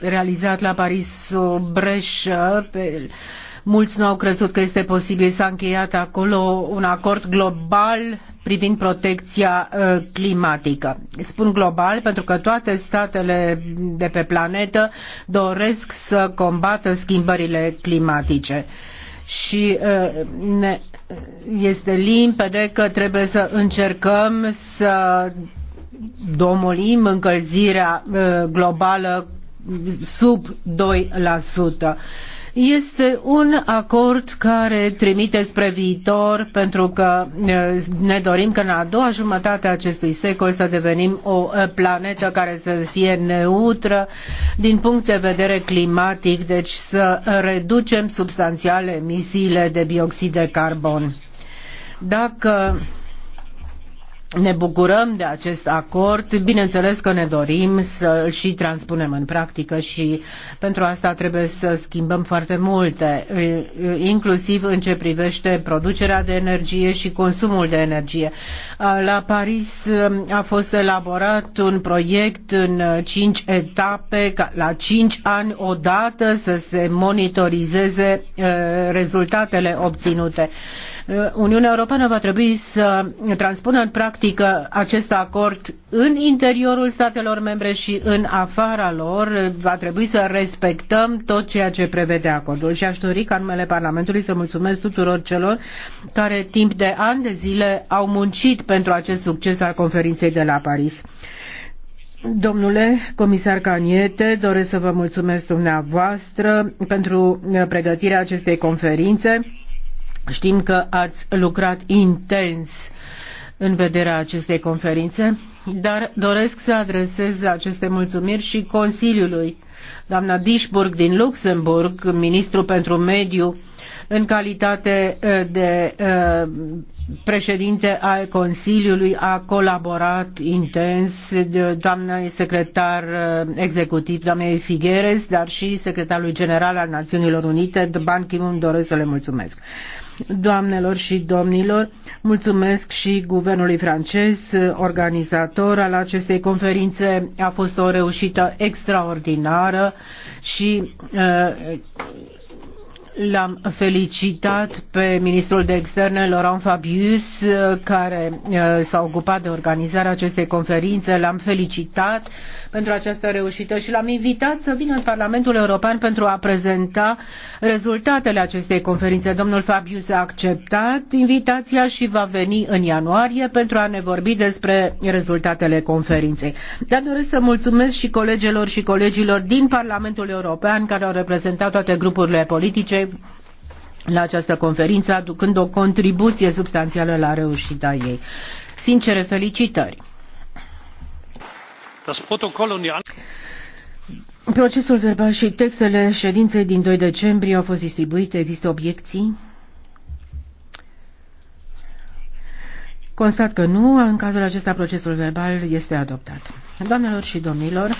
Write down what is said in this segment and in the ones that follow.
realizat la Paris o breșă. Pe, mulți nu au crezut că este posibil. să încheiat acolo un acord global privind protecția uh, climatică. Spun global pentru că toate statele de pe planetă doresc să combată schimbările climatice. Și uh, ne, este limpede că trebuie să încercăm să domolim încălzirea uh, globală sub 2%. Este un acord care trimite spre viitor pentru că ne dorim că în a doua jumătate a acestui secol să devenim o planetă care să fie neutră din punct de vedere climatic, deci să reducem substanțial emisiile de bioxid de carbon. Dacă ne bucurăm de acest acord. Bineînțeles că ne dorim să îl și transpunem în practică și pentru asta trebuie să schimbăm foarte multe, inclusiv în ce privește producerea de energie și consumul de energie. La Paris a fost elaborat un proiect în cinci etape, ca la cinci ani odată să se monitorizeze eh, rezultatele obținute Uh, Uniunea Europeană va trebui să transpună în practică acest acord în interiorul statelor membre și în afara lor. Va trebui să respectăm tot ceea ce prevede acordul. Și aș dori ca numele Parlamentului să mulțumesc tuturor celor care timp de ani de zile au muncit pentru acest succes al conferinței de la Paris. Domnule comisar Caniete, doresc să vă mulțumesc dumneavoastră pentru pregătirea acestei conferințe Știm că ați lucrat intens în vederea acestei conferințe, dar doresc să adresez aceste mulțumiri și Consiliului. Doamna Dișburg din Luxemburg, ministru pentru mediu, în calitate uh, de uh, președinte al Consiliului, a colaborat intens doamnei secretar uh, executiv, doamnei Figueres, dar și secretarului general al Națiunilor Unite, Ban Ki-moon, doresc să le mulțumesc. Doamnelor și domnilor, mulțumesc și guvernului francez, organizator al acestei conferințe. A fost o reușită extraordinară și uh, L-am felicitat pe ministrul de externe Laurent Fabius, care eh, s-a ocupat de organizarea acestei conferințe. L-am felicitat pentru această reușită și l-am invitat să vină în Parlamentul European pentru a prezenta rezultatele acestei conferințe. Domnul Fabius a acceptat invitația și va veni în ianuarie pentru a ne vorbi despre rezultatele conferinței. Dar doresc să mulțumesc și colegelor și colegilor din Parlamentul European care au reprezentat toate grupurile politice la această conferință, aducând o contribuție substanțială la reușita ei. Sincere felicitări! Procesul verbal și textele ședinței din 2 decembrie au fost distribuite. Există obiecții? Constat că nu. În cazul acesta, procesul verbal este adoptat. Doamnelor și domnilor,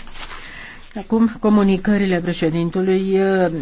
acum comunicările președintului